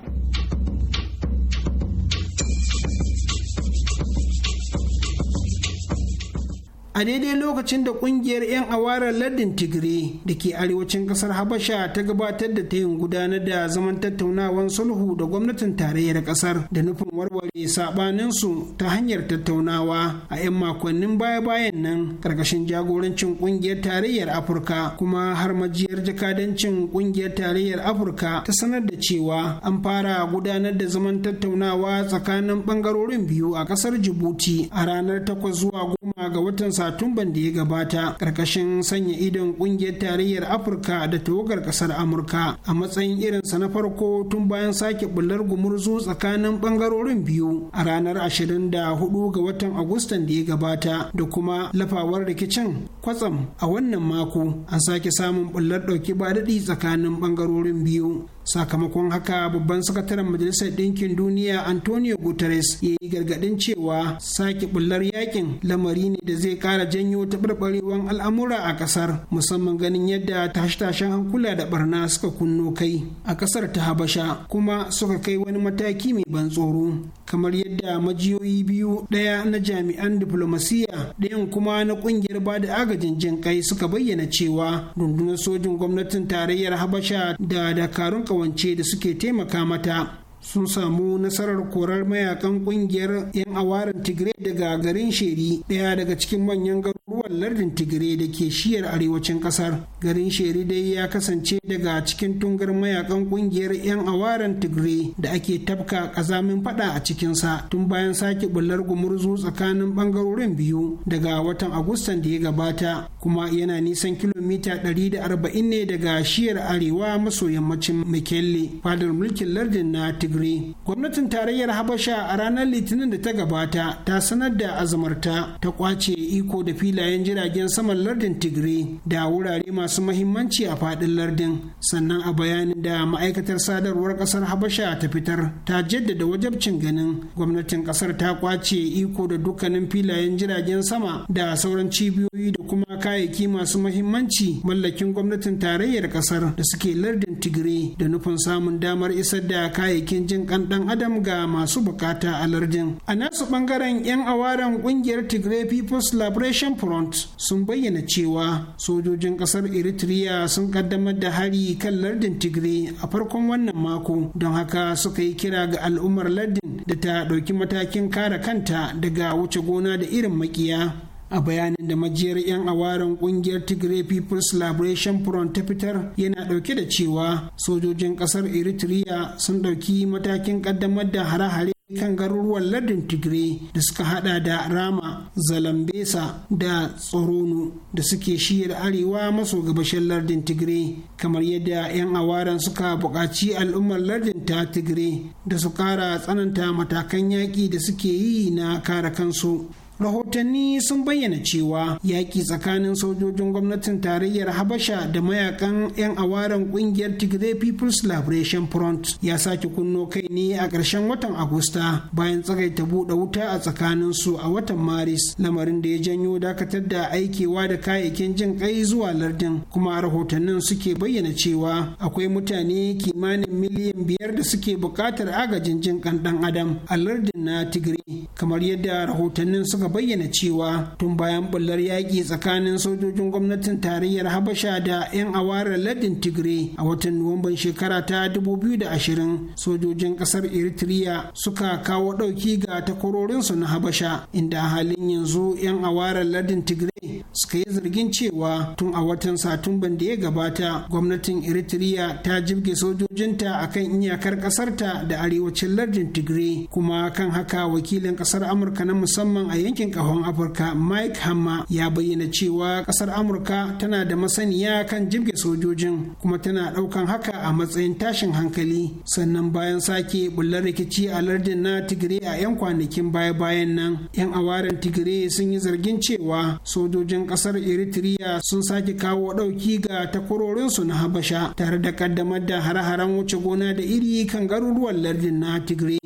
a daidai lokacin da kungiyar 'yan awarar lardin tigre da ke arewacin kasar habasha ta gabatar da ta yin gudanar da zaman tattaunawan sulhu da gwamnatin tarayyar kasar da nufin warware sabaninsu ta hanyar tattaunawa a 'yan makonnin baya-bayan nan karkashin jagorancin kungiyar tarayyar afirka kuma har majiyar jakadancin kungiyar tarayyar afirka ta sanar da cewa an fara gudanar da zaman tattaunawa tsakanin bangarorin biyu a kasar jibuti a ranar 8 zuwa 10 ga watan tumban da ya gabata ƙarƙashin sanya idon ƙungiyar tarayyar afirka da tawagar ƙasar amurka a matsayin irinsa na farko tun bayan sake bullar gumurzu tsakanin ɓangarorin biyu a ranar 24 ga watan agustan da ya gabata da kuma lafawar rikicin kwatsam a wannan mako an sake samun bullar ɗauki ba tsakanin ɓangarorin biyu sakamakon haka babban sakataren majalisar ɗinkin duniya antonio guterres ya yi gargaɗin cewa sake bullar yakin lamari ne da zai ƙara janyo taɓarɓarewar al'amura a ƙasar musamman ganin yadda tashe-tashen hankula da barna suka kunno kai a ƙasar ta habasha kuma suka kai wani mataki mai ban tsoro kamar yadda majiyoyi biyu ɗaya na jami'an diplomasiya ɗayan kuma na ƙungiyar ba da agajin jin kai suka bayyana cewa rundunar sojin gwamnatin tarayyar habasha da dakarun kawance da suke taimaka mata sun samu nasarar korar mayakan kungiyar 'yan awarin tigray daga garin sheri daya daga cikin manyan garuruwan lardin tigray da ke shiyar arewacin kasar garin sheri dai ya kasance daga cikin tungar mayakan kungiyar 'yan awarin tigray da ake tafka kazamin fada a cikinsa tun bayan sake bullar gumurzu tsakanin bangarorin biyu daga watan agustan da ya gabata kuma yana nisan kilomita 140 ne daga shiyar arewa maso yammacin mikelle fadar mulkin lardin na tigray Gwamnatin tarayyar Habasha a ranar Litinin da ta gabata ta sanar da azumarta ta kwace iko da filayen jiragen saman lardin Tigray da wurare masu mahimmanci a faɗin lardin. Sannan a bayanin da ma'aikatar sadarwar ƙasar Habasha ta fitar ta jaddada wajabcin ganin gwamnatin ƙasar ta kwace iko da dukkanin filayen jiragen sama da sauran cibiyoyi da kuma kayayyaki masu mahimmanci mallakin gwamnatin tarayyar ƙasar da suke lardin Tigray da nufin samun damar isar da kayayyakin aikin jin kan dan adam ga masu bukata a lardin a nasu bangaren yan awaren kungiyar tigray people's liberation front sun bayyana cewa sojojin kasar eritrea sun kaddamar da hari kan lardin tigray a farkon wannan mako don haka suka yi kira ga al'ummar lardin da ta ɗauki matakin kare kanta daga wuce gona da irin makiya a bayanin da majiyar 'yan awaran kungiyar tigray people's liberation front ta fitar yana dauke da cewa sojojin kasar eritrea sun dauki matakin kaddamar da hare-hare kan garuruwan lardin tigray da suka hada da rama zalambesa da tsoronu da suke shiyar arewa maso gabashin lardin tigray kamar yadda 'yan awaran suka buƙaci al'ummar lardin ta tigray da su ƙara tsananta matakan yaƙi da suke yi na kare kansu rahotanni sun bayyana cewa yaƙi tsakanin sojojin gwamnatin tarayyar habasha da mayakan 'yan awaren ƙungiyar tigray people's liberation front ya sake kunno kai ne a ƙarshen watan agusta bayan tsagaita buɗe wuta a tsakanin su a watan maris lamarin da ya janyo dakatar da aikewa da kayayyakin jin kai zuwa lardin kuma rahotannin suke bayyana cewa akwai mutane kimanin miliyan biyar da suke buƙatar agajin jin kan ɗan adam a lardin na tigray kamar yadda rahotannin suka bayyana cewa tun bayan bullar yaƙi tsakanin sojojin gwamnatin tarayyar habasha da 'yan awarar ladin tigre a watan nuwamban shekara ta 2020 sojojin ƙasar eritrea suka kawo ɗauki ga takwarorinsu na habasha inda halin yanzu 'yan awarar ladin tigre suka yi zargin cewa tun a watan satumban da ya gabata gwamnatin eritrea ta jirge sojojinta a kan iyakar ƙasarta da arewacin lardin tigre kuma kan haka wakilin ƙasar amurka na musamman a yankin yankin kahon afirka mike hamma ya bayyana cewa kasar amurka tana da masaniya kan jibge sojojin kuma tana daukan haka a matsayin tashin hankali sannan bayan sake bullar rikici a lardin na tigire a 'yan kwanakin baya-bayan nan 'yan awaren tigire sun yi zargin cewa sojojin kasar eritrea sun sake kawo dauki ga takwarorinsu na habasha tare da kaddamar da hare-haren wuce gona da iri kan garuruwan lardin na tigire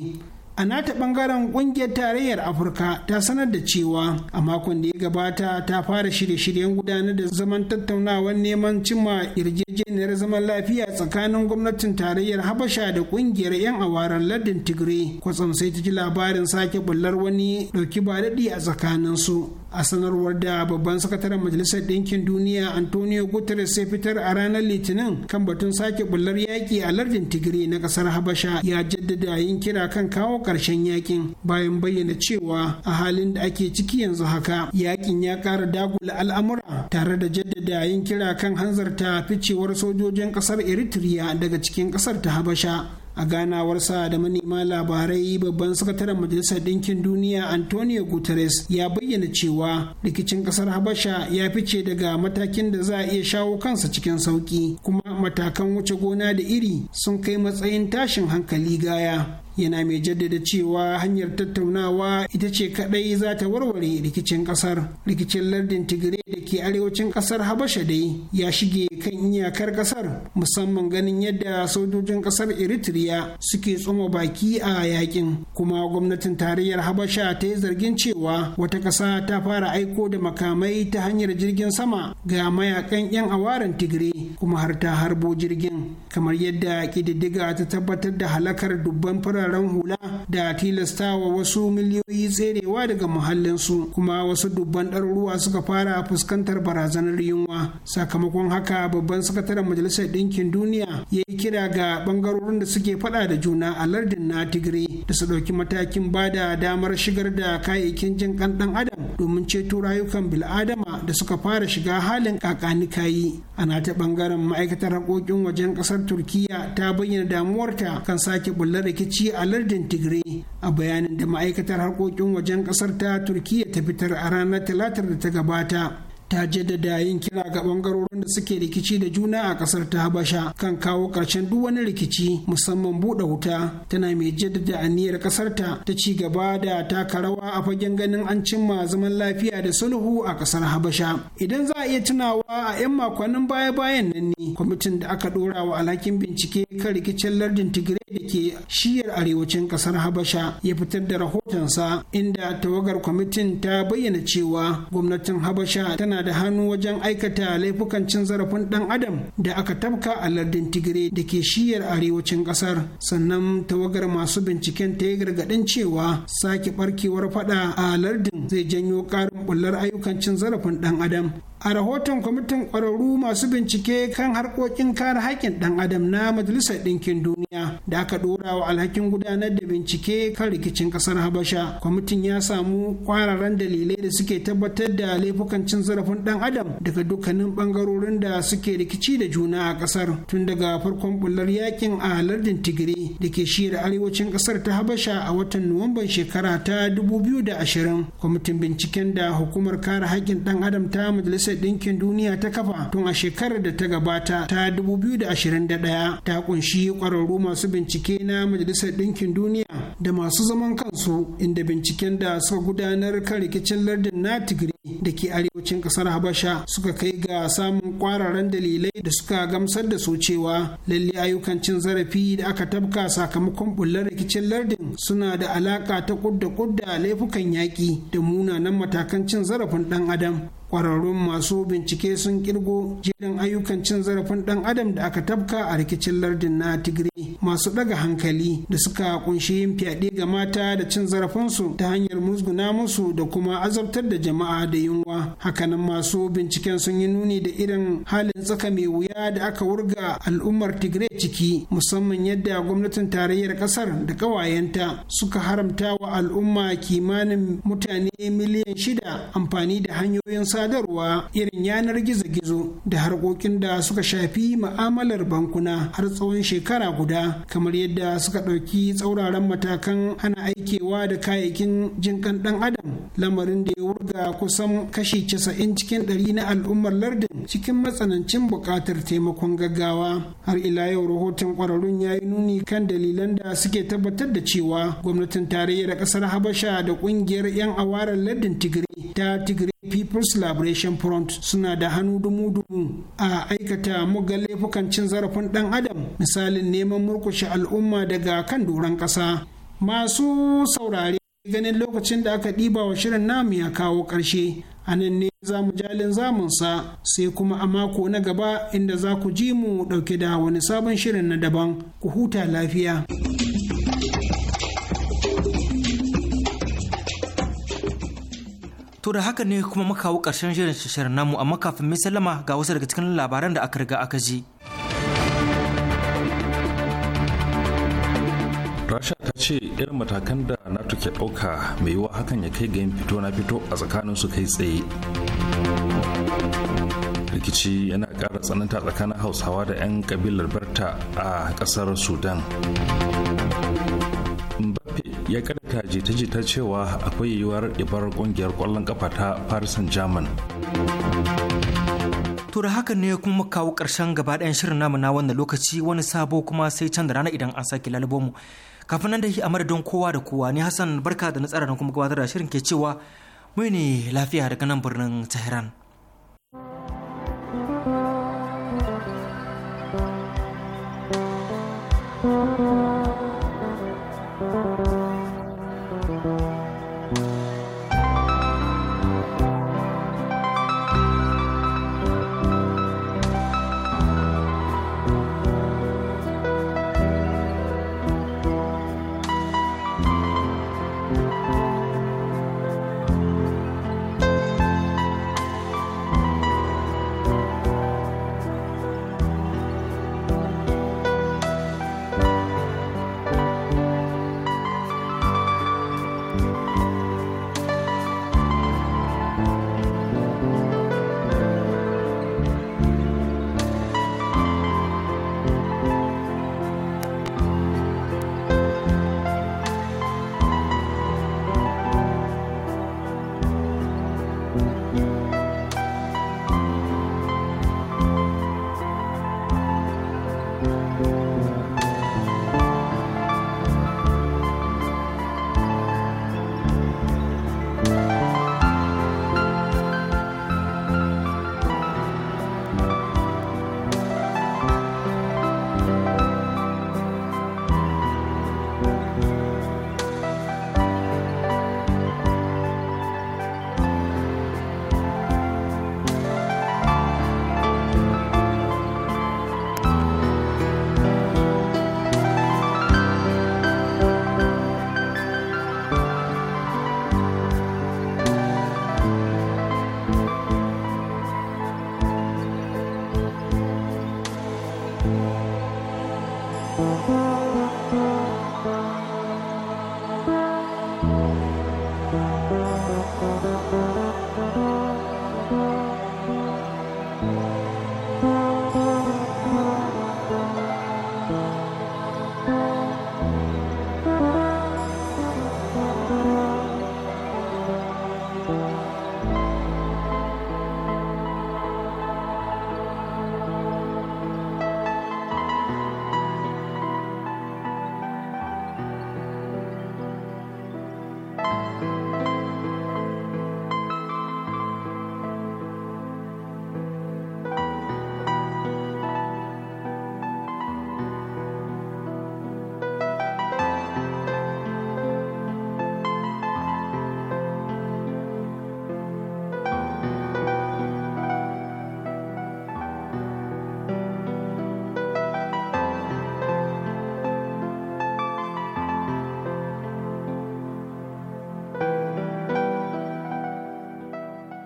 a nata bangaren kungiyar tarayyar afirka ta sanar da cewa a makon da ya gabata ta fara shirye-shiryen gudanar da zaman tattaunawar neman cimma yarjejeniyar zaman lafiya tsakanin gwamnatin tarayyar habasha da kungiyar 'yan awaren lardin tigray kwatsam sai ta ji labarin sake bullar wani dauki ba daɗi a tsakaninsu a sanarwar da babban sakataren majalisar ɗinkin duniya antonio guterres sai fitar a ranar litinin kan batun sake bullar yaƙi a lardin tigiri na ƙasar habasha ya jaddada yin kira kan kawo ƙarshen yaƙin bayan bayyana cewa a halin da ake ciki yanzu haka yaƙin ya ƙara dagula al'amura tare da jaddada yin kira kan hanzarta ficewar sojojin ƙasar eritrea daga cikin ƙasar ta habasha a ganawarsa da manema labarai babban sakataren majalisar ɗinkin duniya antonio guterres ya bayyana cewa rikicin ƙasar habasha ya fice daga matakin da za a iya shawo kansa cikin sauƙi kuma matakan wuce gona da iri sun kai matsayin tashin hankali gaya yana mai jaddada cewa hanyar tattaunawa ita ce kadai za ta warware rikicin kasar rikicin lardin tigire da ke arewacin kasar habasha dai ya shige kan iyakar kasar musamman ganin yadda sojojin kasar eritrea suke tsoma baki a yakin kuma gwamnatin tarayyar habasha ta yi zargin cewa wata kasa ta fara aiko da makamai ta hanyar jirgin sama ga mayakan yan awaren tigire kuma har ta harbo jirgin kamar yadda ƙididdiga ta tabbatar da halakar dubban fara wuraren hula da tilastawa wasu miliyoyi tserewa daga muhallinsu kuma wasu dubban ɗaruruwa suka fara fuskantar barazanar yunwa sakamakon haka babban sakataren majalisar ɗinkin duniya ya yi kira ga ɓangarorin da suke faɗa da juna a lardin na tigray da su ɗauki matakin ba da damar shigar da kayayyakin jin ƙan ɗan adam domin ceto rayukan bil'adama da suka fara shiga halin kakanikayi ana ta ɓangaren ma'aikatar harkokin wajen ƙasar turkiya ta bayyana damuwarta kan sake bulla rikici a lardin tigray a bayanin da ma'aikatar harkokin wajen kasar ta turkiya ta fitar a ranar talatar da ta gabata ta jaddada yin kira ga bangarorin da suke rikici da juna a kasar ta habasha kan kawo ƙarshen duk wani rikici musamman buɗe wuta tana mai jaddada aniyar kasar ta ta ci gaba da taka rawa a fagen ganin an cimma zaman lafiya da sulhu a kasar habasha idan za a iya tunawa a 'yan makonnin baya-bayan nan ne kwamitin da aka ɗora wa alhakin bincike kan rikicin lardin tigray da ke shiyar arewacin kasar habasha ya fitar da rahotonsa inda tawagar kwamitin ta bayyana cewa gwamnatin habasha tana yana da hannu wajen aikata laifukan cin zarafin ɗan adam da aka tafka a lardin tigire da ke shiyar arewacin kasar sannan tawagar masu binciken ta yi gargaɗin cewa sake barkewar fada a lardin zai janyo ƙarin bullar ayyukan cin zarafin ɗan adam a rahoton kwamitin ƙwararru masu bincike kan harkokin kare haƙƙin ɗan adam na majalisar ɗinkin duniya da aka ɗora wa alhakin gudanar da bincike kan rikicin ƙasar habasha kwamitin ya samu ƙwararren dalilai da suke tabbatar da laifukan cin zarafin ɗan adam daga dukkanin ɓangarorin da suke rikici da juna a ƙasar tun daga farkon bullar yakin a lardin tigiri da ke shira arewacin ƙasar ta habasha a watan nuwamban shekara ta 2020 kwamitin binciken da hukumar kare haƙƙin ɗan adam ta majalisar majalisar ɗinkin duniya ta kafa tun a shekarar da ta gabata ta 2021 ta kunshi ƙwararru masu bincike na majalisar ɗinkin duniya da masu zaman kansu inda binciken da suka gudanar kan rikicin lardin na tigiri da ke arewacin ƙasar habasha suka kai ga samun ƙwararren dalilai da suka gamsar da su cewa lalle ayyukan cin zarafi da aka tabka sakamakon bullar rikicin lardin suna da alaƙa ta kudda kudda laifukan yaƙi da munanan matakan cin zarafin ɗan adam kwararrun masu bincike sun kirgo jerin ayyukan cin zarafin dan adam da aka tabka a rikicin lardin na tigray masu daga hankali da suka kunshi yin fyaɗe ga mata da cin zarafinsu ta hanyar musguna musu da kuma azabtar da jama'a da yunwa hakanan masu binciken sun yi nuni da irin halin tsaka mai wuya da aka wurga al'ummar tigray ciki musamman yadda gwamnatin tarayyar kasar da kawayenta suka haramta wa al'umma kimanin mutane miliyan shida amfani da hanyoyin sa sadarwa irin yanar gizo-gizo da harkokin da suka shafi ma'amalar bankuna har tsawon shekara guda kamar yadda suka ɗauki tsauraran matakan ana aikewa da kayayyakin kan ɗan adam lamarin da ya wurga kusan kashi casa'in cikin ɗari na al'ummar lardin cikin matsanancin buƙatar taimakon gaggawa har ila yau rahoton ƙwararrun ya yi nuni kan dalilan da suke tabbatar da cewa gwamnatin tarayyar ƙasar habasha da ƙungiyar 'yan awarar lardin tigiri ta Tigray People's Liberation Front suna da hannu dumu-dumu a aikata muga laifukan cin zarafin ɗan adam misalin neman murkushe al'umma daga kan doron ƙasa. Masu saurare ganin lokacin da aka ɗiba wa shirin namu ya kawo ƙarshe a nan ne za mu jalin zamunsa sai kuma a mako na gaba inda za ku ji mu ɗauke da wani sabon shirin na daban ku huta lafiya. To da haka ne kuma muka kawo ƙarshen shirin shirin namu amma kafin mai sallama ga wasu daga cikin labaran da aka riga aka ji. Rasha ta ce irin matakan da NATO ke ɗauka mai yiwuwa hakan ya kai ga yin fito na fito a tsakanin su kai tsaye. Rikici yana ƙara tsananta tsakanin Hausawa da 'yan kabilar Barta a ƙasar Sudan. mbappe ya karanta jita-jita cewa akwai yiwuwar ibar kungiyar kwallon kafa ta paris saint german to hakan ne kuma kawo karshen gaba ɗayan shirin namu na wannan lokaci wani sabo kuma sai can da rana idan an sake lalubo mu kafin nan da a madadin kowa da kowa ne hassan barka da na tsara kuma gabatar da shirin ke cewa mu ne lafiya daga nan birnin tehran